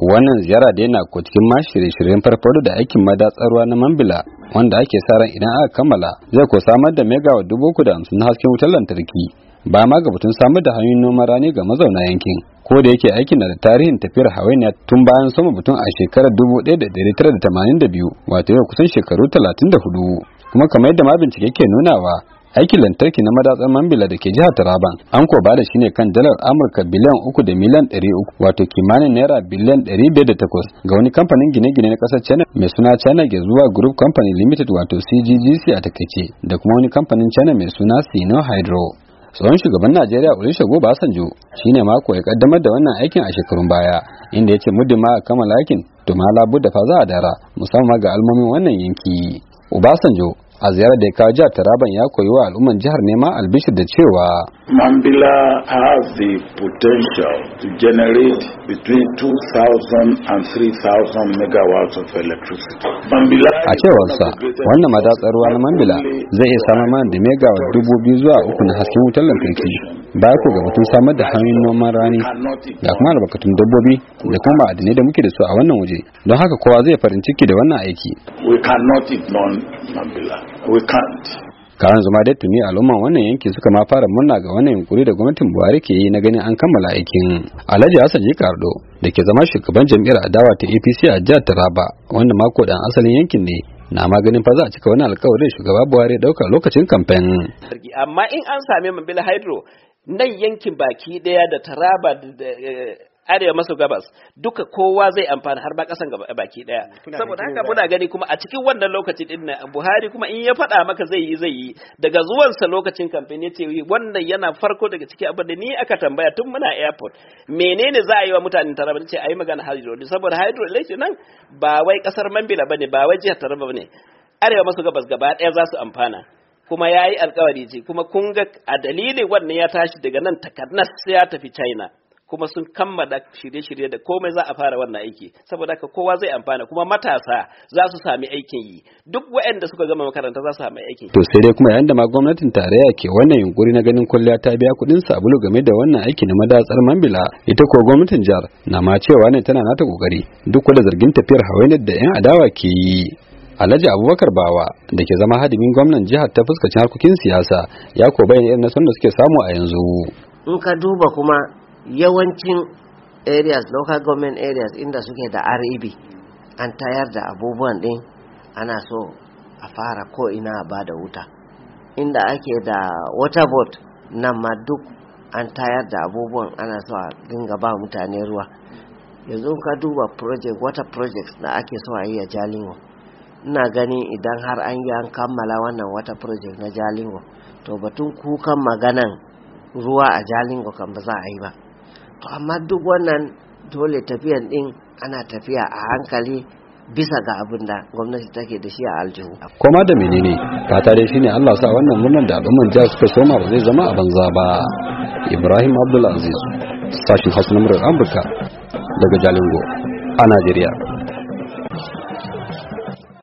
wannan ziyara da yana ko cikin ma shirye-shiryen farfado da aikin madatsarwa na mambila wanda ake sa ran idan aka kammala zai ko samar da megawa dubu uku da hamsin na hasken wutar lantarki ba ma ga batun samar da hanyoyin noman rani ga mazauna yankin ko da yake aiki na da tarihin tafiyar hawainiya tun bayan sama batun a shekarar dubu ɗaya da ɗari tara da tamanin da biyu wato yau kusan shekaru talatin da hudu kuma kamar yadda ma bincike ke nunawa aikin lantarki na madatsar mambila da ke jihar taraban an ko bada shi ne kan dalar amurka biliyan uku da miliyan ɗari uku wato kimanin naira biliyan ɗari biyar da takwas ga wani kamfanin gine-gine na ƙasar china mai suna china zuwa group company limited wato cggc a takaice da kuma wani kamfanin china mai suna sino hydro tsohon shugaban najeriya olusegun obasanjo shine mako ya kaddamar da wannan aikin a shekarun baya inda ya ce muddin ma kammala aikin to ma labu da fa za a dara musamman ga almomin wannan yanki obasanjo a ziyarar da ya kawo jihar Taraban ya koyi wa al'umman jihar nema albishir da cewa Mambila has the potential to generate between 2,000 and 3,000 megawatts of electricity. A cewarsa, wannan madatsar ruwa na Mambila zai iya samar mana da megawatt dubu biyu zuwa uku na hasken wutar lantarki. ba ko ga batun samar da hanyoyin noman rani da kuma albarkatun dabbobi da kuma ma'adinai da muke da su a wannan waje. Don haka kowa zai farin ciki da wannan aiki. We cannot ignore Mambila. We can't. karan Zuma dai tuni al'umman wannan yankin suka ma fara murna ga wannan yunkuri da gwamnatin buhari ke yi na ganin an kammala aikin alhaji hassan jikardo da ke zama shugaban jami'ar adawa ta apc a jihar taraba wanda mako dan asalin yankin ne na maganin fa za a cika wani alkawarin shugaba buhari dauka lokacin kamfen amma in an same mambila hydro nan yankin baki daya da taraba eh, arewa maso gabas duka kowa zai amfana har ba kasan baki daya saboda haka muna gani kuma a cikin wannan lokaci din Buhari kuma in ya faɗa maka zai yi zai yi daga zuwansa lokacin kamfen ya ce wannan yana farko daga cikin abin da ni aka tambaya tun muna airport menene za a yi wa mutanen Taraba ce a yi magana hydro saboda hydro electric nan ba wai kasar Mambila bane ba wai jihar Taraba bane arewa maso gabas gaba daya za su amfana kuma ya yi alkawari ce kuma kun ga a dalilin wannan ya tashi daga nan takarnas sai ya tafi China kuma sun kammala shirye-shirye da komai za a fara wannan aiki saboda haka kowa zai amfana kuma matasa za su sami aikin yi duk waɗanda suka gama makaranta za su sami aikin to sai dai kuma yayin da ma gwamnatin tarayya ke wannan yunkuri na ganin kulliya ta biya kuɗin sabulu game da wannan aiki na madatsar mambila ita ko gwamnatin jihar na ma cewa ne tana nata kokari duk da zargin tafiyar hawainar da yan adawa ke yi Alhaji Abubakar Bawa da ke zama hadimin gwamnan jihar ta fuskacin harkokin siyasa ya ko bayyana irin nasarar da suke samu a yanzu. In ka duba kuma yawancin areas local government areas inda suke da rab e an tayar da abubuwan din ana so a fara ko ina ba da wuta inda ake da water board na ma duk an tayar da abubuwan ana so a dinga ba mutane ruwa yanzu ka duba project water projects da ake so a yi a jalingo ina gani idan har an yi an kammala wannan water project na jalingo to batun kukan maganan ruwa a jalingo kan ba za a yi ba to amma duk wannan dole tafiyan din ana tafiya a hankali bisa ga abin da gwamnati take da shi a aljihu. Koma da menene fata dai shine Allah sa wannan murna da al'umman jihar suka soma ba zai zama a banza ba. Ibrahim Abdulaziz sashin Hausa na Amurka daga Jalingo a Najeriya.